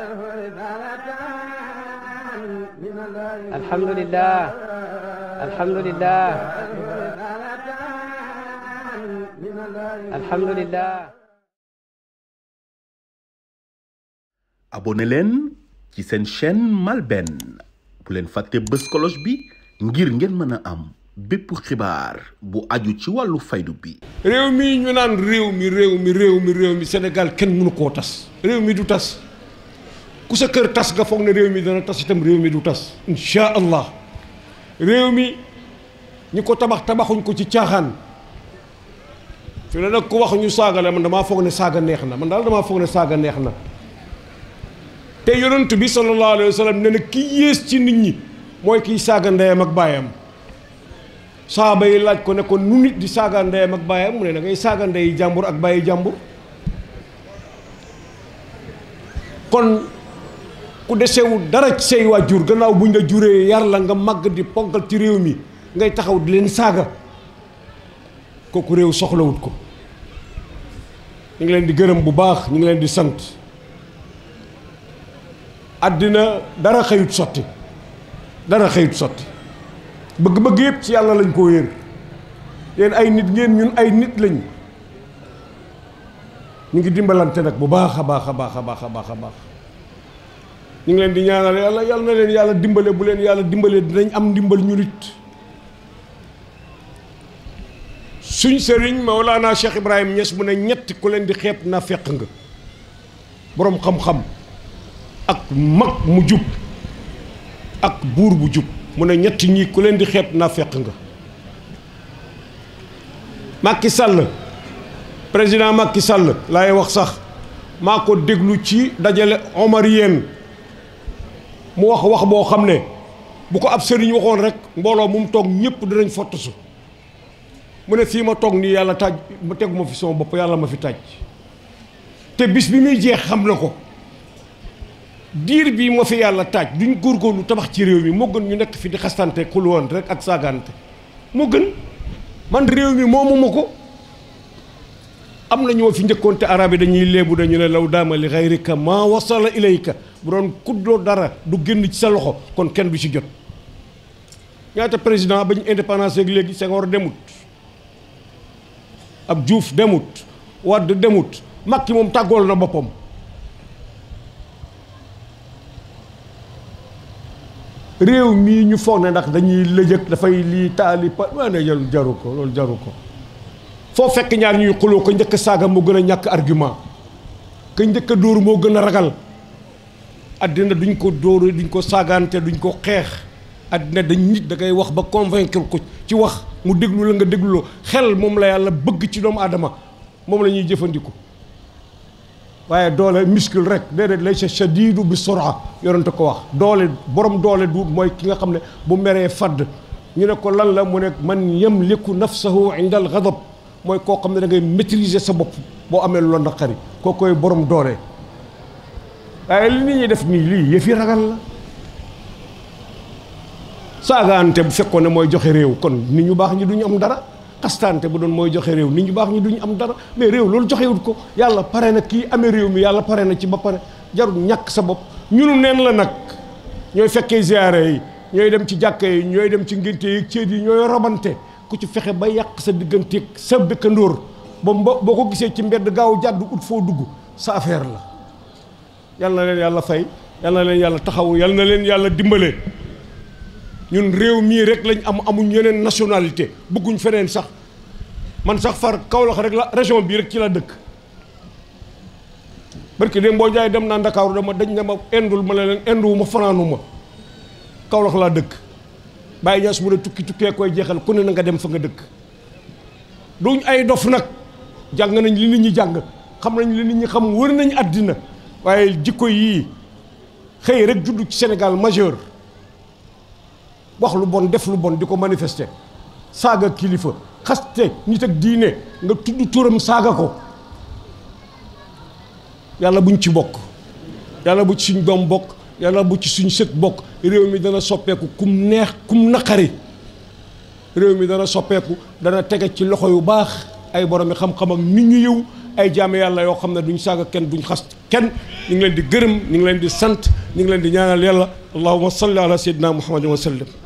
alhamdulilah alhamdulilah alhamdulilah. abonné leen ci seen chen malben bu leen fàtte bës cloche bi ngir ngeen mën a am bépp xibaar bu aju ci wàllu faydu bi. réew mi ñu naan réew mi réew mi réew mi réew kenn mënu koo tas. réew mi du tas. ku sa kër tas nga foog na réew mi dana tas itam réew mi du tas insha allah réew mi ñi ko tabax tabaxuñ ko ci caaxaan fi ne nag ku wax ñu saaga la man dama foog ne saaga neex na man daal damaa foog ne saaga neex na te yonent bi sallallahu alayhi wa sallam ne na ki yées ci nit ñi mooy kiy saaga ndeyam ak baayam saaba yi laaj ko ne ko nu nit di saaga ndeyam ak baayam mu ne da ngay saaga ndey jàmbur ak bàyyi jàmbur kon ku desewul dara ci say waajur gannaaw buñ la juree yar nga màgg di ponkal ci réew mi ngay taxaw di leen saaga kooku réew soxlawut ko ñu ngi leen di gërëm bu baax ñu ngi leen di sant àddina dara xëyut sotti dara xëyut sotti bëgg-bëgg yëpp ci yàlla lañ koo yër yéen ay nit ngeen ñun ay nit lañ mu ngi dimbalante nag bu baax a baax a baax a baax a baax a baax ñu leen di ñaanal yàlla yàlla na leen yàlla dimbale bu leen yàlla dimbalee dinañ am ndimbal ñu nit suñ sëriñ Maolana Cheikh Ibrahim Niass mu ne ñett ku leen di xeeb na fekk nga boroom xam-xam ak mag mu jub ak buur bu jub mu ne ñetti ñi ku leen di xeeb na fekk nga Macky Sall président Macky Sall laay wax sax maa ko déglu ci dajale Omar yéen mu wax wax boo xam ne bu ko ab sëriñ waxoon rek mbooloo mu mu toog ñëpp dinañ fottasu mu ne fii ma toog nii yàlla tàj ma tegu ma fi sama bopp yàlla ma fi tàj te bis bi muy jeex xam na ko diir bii ma fi yàlla tàj duñ góorgóorlu tabax ci réew mi moo gën ñu nekk fi di xastante woon rek ak saagante mu gën man réew mi moomuma ko am na ñoo fi njëkkoon te arab yi dañuy léebu dañu ne law daama li xayrika maa wasala ilayka bu doon kuddoo dara du génn ci sa loxo kon kenn du ci jot ñaata président bañ indépendance ak léegi Senghor demut ab juuf demut Wade demut ki moom tàggool na boppam réew mii ñu foog ne ndax dañuy lëjëg dafay lii taali pa maa ne jël jaru ko loolu jaru ko foo fekk ñaar ñuy xuloo ko njëkk saaga moo gën a ñàkk argument ka njëkk a dóor moo gën a ragal àddina duñ ko dóore duñ ko saagaantee duñ ko xeex addina dañ nit da ngay wax ba convaincre ko ci wax mu déglu la nga dégluloo xel moom la yàlla bëgg ci doomu adama moom la ñuy jëfandiku waaye doole muscle rek dee lay sa shadiidu bi sura yonente ko wax doole borom doole du mooy ki nga xam ne bu meree fadd ñu ne ko lan la mu ne man yamliku nafsahu inda al ghadab mooy koo xam ne da ngay maîtriser sa bopp boo amee lu la naqari koo koy borom doole waaye li nit ñi def nii lii yëf yi ragal la saagaante bu fekkoon ne mooy joxe réew kon nit ñu baax ñi duñu am dara xastaante bu doon mooy joxe réew nit ñu baax ñu duñu am dara mais réew loolu joxe joxewut ko yàlla pare na kii amee réew mi yàlla pare na ci ba pare jarul ñàkk sa bopp ñunu neen la nag ñooy fekkee ziyaare yi ñooy dem ci jàkka yi ñooy dem ci ngénte yi céet yi ñooy robante ku ci fexe ba yàq sa diggante sa dëkkandóor ba boo ko gisee ci mbedd gaaw jàdd ut foo dugg sa affaire la yal na leen yàlla fay yal na leen yàlla taxawu yal na leen yàlla dimbale ñun réew mii rek lañ am amuñ yeneen nationalité bëgguñ feneen sax man sax far Kaolack rek la région bii rek ci la dëkk barki dém boo jaay dem naa Ndakaaru dama dañ a indul ma la leen induwu ma fanaanu ma Kaolack laa dëkk Baye Niass mu ne tukki tukkee koy jeexal ku ne na nga dem fa nga dëkk duñ ay dof nag jàng nañ li nit ñi jàng xam nañ li nit ñi xam wër nañ àddina waaye jikko yii xëy rek juddu ci Sénégal majeur wax lu bon def lu bon di ko manifester saaga kilifa xaste nit ak diine nga tudd turam saaga ko yàlla buñ ci bokk yàlla bu ci suñ doom bokk yàlla bu ci suñ sët bokk réew mi dana soppeeku kum neex kum naqari réew mi dana soppeeku dana tege ci loxo yu baax ay boromi xam-xam ak nit ñu yëw ay jaam yàlla yoo xam na duñ saaga kenn duñ xas kenn ñu ngi leen di gërëm ñu ngi leen di sant ñu ngi leen di ñaanal yàlla allahuma salli ala sayyidina muhammadin wa sallim